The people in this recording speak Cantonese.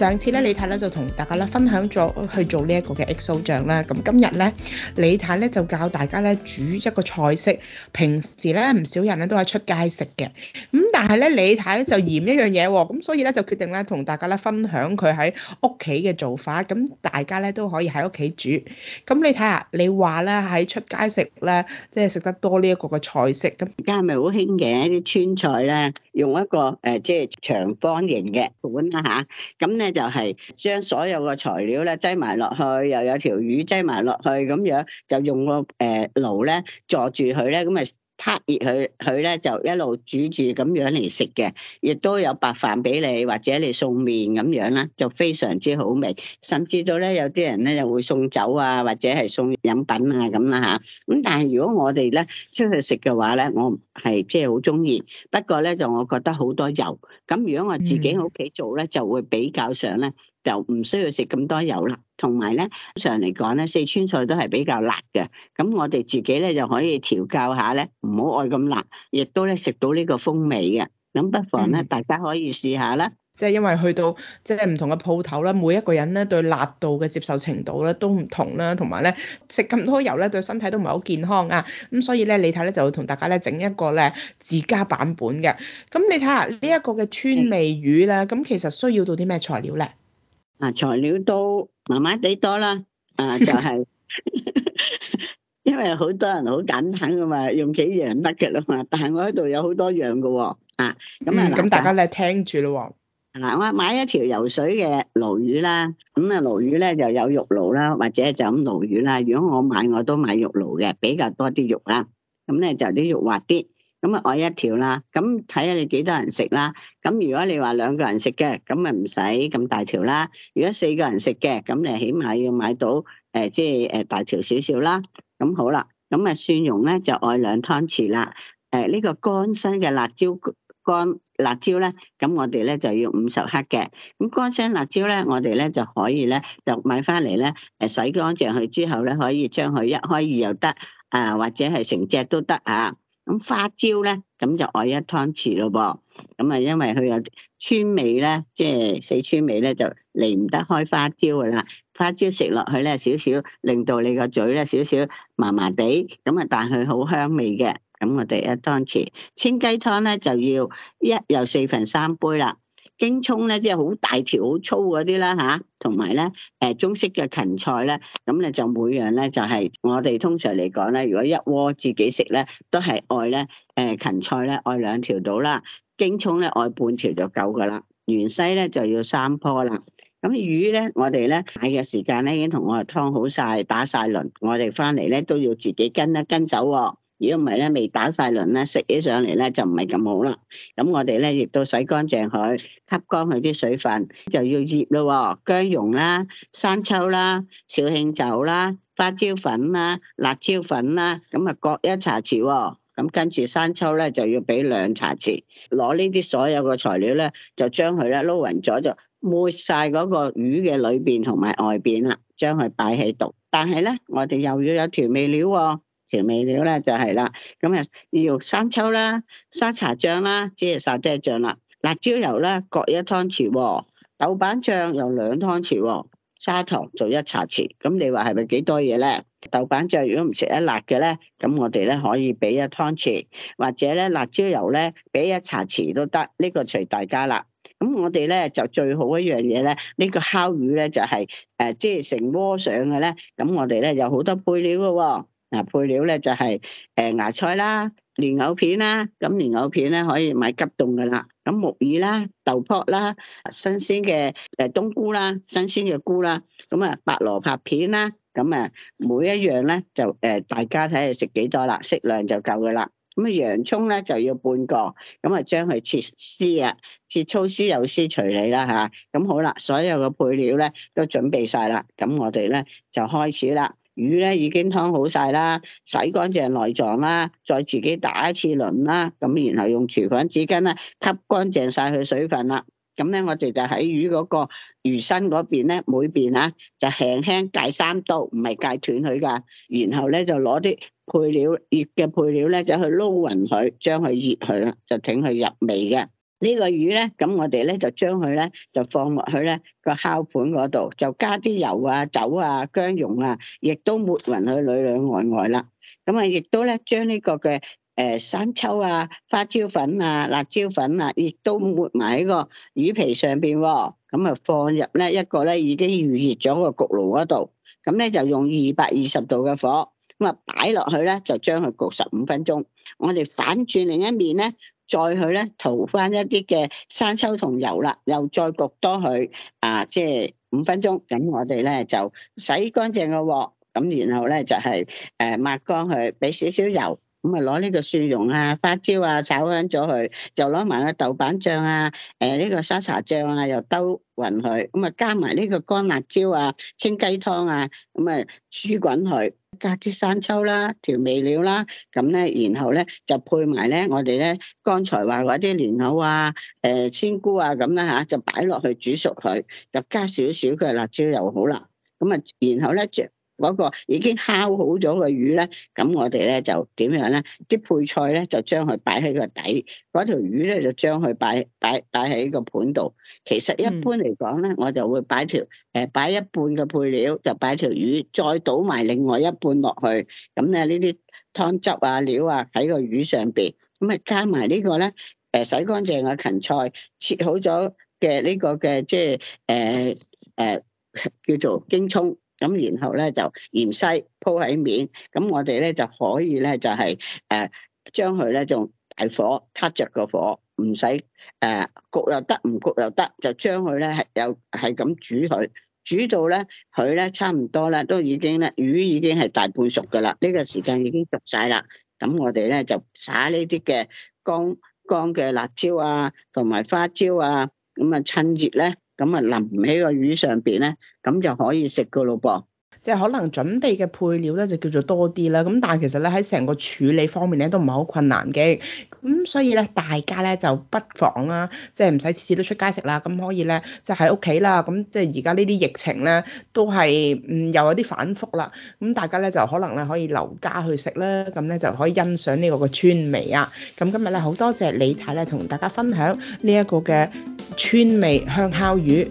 上次咧李太咧就同大家咧分享咗去做呢一個嘅 XO 醬啦，咁今日咧李太咧就教大家咧煮一個菜式，平時咧唔少人咧都係出街食嘅，咁但係咧李太就嫌一樣嘢喎，咁所以咧就決定咧同大家咧分享佢喺屋企嘅做法，咁大家咧都可以喺屋企煮。咁你睇下，啊，你話咧喺出街食咧，即係食得多呢一個嘅菜式，咁而家係咪好興嘅啲川菜咧，用一個誒、呃、即係長方形嘅碗啦吓，咁、啊、咧。就係將所有嘅材料咧擠埋落去，又有條魚擠埋落去，咁樣就用個誒爐咧坐住佢咧，咁咪。撻熱佢佢咧就一路煮住咁樣嚟食嘅，亦都有白飯俾你，或者你送麵咁樣啦，就非常之好味。甚至到咧有啲人咧又會送酒啊，或者係送飲品啊咁啦。吓，咁，但係如果我哋咧出去食嘅話咧，我係即係好中意。不過咧就我覺得好多油。咁如果我自己喺屋企做咧，就會比較上咧就唔需要食咁多油啦。同埋咧，通常嚟講咧，四川菜都係比較辣嘅。咁我哋自己咧就可以調教下咧，唔好愛咁辣，亦都咧食到呢個風味嘅。咁不妨咧，嗯、大家可以試下啦。即係因為去到即係唔同嘅鋪頭啦，每一個人咧對辣度嘅接受程度咧都唔同啦，同埋咧食咁多油咧對身體都唔係好健康啊。咁所以咧，你睇咧就會同大家咧整一個咧自家版本嘅。咁你睇下、這個、呢一個嘅川味魚咧，咁其實需要到啲咩材料咧？嗱、嗯啊，材料多。麻麻地多啦，啊就係，因為好多人好簡單噶嘛，用幾樣得嘅啦嘛，但係我喺度有好多樣嘅喎，啊咁啊咁大家咧聽住咯喎，嗱，我買一條游水嘅鱸魚啦，咁啊鱸魚咧就有肉鱸啦，或者就咁鱸魚啦，如果我買我都買肉鱸嘅，比較多啲肉啦，咁咧就啲肉滑啲。咁啊，愛一條啦，咁睇下你幾多人食啦。咁如果你話兩個人食嘅，咁咪唔使咁大條啦。如果四個人食嘅，咁你起碼要買到誒，即係誒大條少少啦。咁好啦，咁啊蒜蓉咧就愛兩湯匙啦。誒呢個乾身嘅辣椒乾辣椒咧，咁我哋咧就要五十克嘅。咁乾身辣椒咧，我哋咧就可以咧，就買翻嚟咧，誒洗乾淨佢之後咧，可以將佢一開二又得，啊或者係成隻都得啊。咁花椒咧，咁就愛一湯匙咯噃。咁啊，因為佢有川味咧，即係四川味咧，就離、是、唔得開花椒噶啦。花椒食落去咧，少少令到你個嘴咧，少少麻麻地。咁啊，但係佢好香味嘅。咁我哋一湯匙清雞湯咧，就要一又四份三杯啦。京葱咧，即係好大條、好粗嗰啲啦嚇，同埋咧誒中式嘅芹菜咧，咁咧就每樣咧就係、是、我哋通常嚟講咧，如果一鍋自己食咧，都係愛咧誒、呃、芹菜咧愛兩條到啦，京葱咧愛半條就夠噶啦，芫茜咧就要三樖啦。咁魚咧，我哋咧買嘅時間咧已經同我哋劏好晒，打晒鱗，我哋翻嚟咧都要自己跟一跟走、哦。如果唔係咧，未打曬輪咧，食起上嚟咧就唔係咁好啦。咁我哋咧亦都洗乾淨佢，吸乾佢啲水分，就要醃啦，薑蓉啦、生抽啦、紹興酒啦、花椒粉啦、辣椒粉啦，咁啊各一茶匙喎。咁跟住生抽咧就要俾兩茶匙，攞呢啲所有嘅材料咧，就將佢咧撈匀咗就抹曬嗰個魚嘅裏邊同埋外邊啦，將佢擺喺度。但係咧，我哋又要有調味料喎。調味料咧就係、是、啦，咁啊要用生抽啦、沙茶醬啦，即係沙爹醬啦、辣椒油咧，各一湯匙、哦，豆瓣醬用兩湯匙、哦，砂糖做一茶匙。咁你話係咪幾多嘢咧？豆瓣醬如果唔食得辣嘅咧，咁我哋咧可以俾一湯匙，或者咧辣椒油咧俾一茶匙都得。呢、這個隨大家啦。咁我哋咧就最好一樣嘢咧，呢、這個烤魚咧就係、是、誒、呃，即係成窩上嘅咧。咁我哋咧有好多配料嘅、哦。嗱，配料咧就係誒芽菜啦、蓮藕片啦，咁蓮藕片咧可以買急凍嘅啦。咁木耳啦、豆卜啦、新鮮嘅誒冬菇啦、新鮮嘅菇啦，咁啊白蘿蔔片啦，咁啊每一樣咧就誒大家睇下食幾多啦，適量就夠嘅啦。咁啊，洋葱咧就要半個，咁啊將佢切絲啊，切粗絲、有絲除理、幼絲隨你啦嚇。咁好啦，所有嘅配料咧都準備晒啦，咁我哋咧就開始啦。魚咧已經湯好晒啦，洗乾淨內臟啦，再自己打一次輪啦，咁然後用廚房紙巾咧吸乾淨晒佢水分啦，咁咧我哋就喺魚嗰個魚身嗰邊咧每邊啊就輕輕戒三刀，唔係戒斷佢㗎，然後咧就攞啲配料醃嘅配料咧就去撈勻佢，將佢醃佢啦，就整佢入味嘅。呢個魚咧，咁我哋咧就將佢咧就放落去咧個烤盤嗰度，就加啲油啊、酒啊、薑蓉啊，亦都抹勻佢裡裡外外啦。咁啊，亦都咧將呢個嘅誒生抽啊、花椒粉啊、辣椒粉啊，亦都抹埋喺個魚皮上邊喎、哦。咁啊，放入咧一個咧已經預熱咗個焗爐嗰度，咁咧就用二百二十度嘅火，咁啊擺落去咧就將佢焗十五分鐘。我哋反轉另一面咧。再去咧，塗翻一啲嘅生抽同油啦，又再焗多佢，啊，即係五分鐘。咁我哋咧就洗乾淨個鑊，咁然後咧就係、是、誒抹乾佢，俾少少油。咁啊，攞呢個蒜蓉啊、花椒啊炒香咗佢，就攞埋個豆瓣醬啊、誒呢個沙茶醬啊，又兜勻佢，咁啊加埋呢個乾辣椒啊、清雞湯啊，咁啊煮滾佢，加啲生抽啦、調味料啦，咁咧然後咧就配埋咧我哋咧剛才話嗰啲蓮藕啊、誒鮮菇啊咁啦吓，就擺落去煮熟佢，就加少少嘅辣椒油好啦。咁啊，然後咧將。嗰個已經烤好咗嘅魚咧，咁我哋咧就點樣咧？啲配菜咧就將佢擺喺個底，嗰條魚咧就將佢擺擺擺喺個盤度。其實一般嚟講咧，我就會擺條誒擺、呃、一半嘅配料，就擺條魚，再倒埋另外一半落去。咁咧呢啲湯汁啊料啊喺個魚上邊，咁啊加埋呢個咧誒洗乾淨嘅芹菜，切好咗嘅呢個嘅即係誒誒叫做京葱。咁然後咧就芫茜鋪喺面，咁我哋咧就可以咧就係誒將佢咧就大火撻着個火，唔使誒焗又得，唔焗又得，就將佢咧又係咁煮佢，煮到咧佢咧差唔多咧都已經咧魚已經係大半熟嘅啦，呢個時間已經熟晒啦，咁我哋咧就撒呢啲嘅乾乾嘅辣椒啊同埋花椒啊，咁啊趁熱咧。咁啊淋喺個魚上邊咧，咁就可以食噶咯噃。即係可能準備嘅配料咧，就叫做多啲啦。咁但係其實咧喺成個處理方面咧，都唔係好困難嘅。咁所以咧、就是，大家咧就不妨啦，即係唔使次次都出街食啦。咁可以咧就喺屋企啦。咁即係而家呢啲疫情咧都係嗯又有啲反覆啦。咁大家咧就可能咧可以留家去食啦。咁咧就可以欣賞呢個嘅川味啊。咁今日咧好多謝李太咧同大家分享呢一個嘅。川味香烤魚。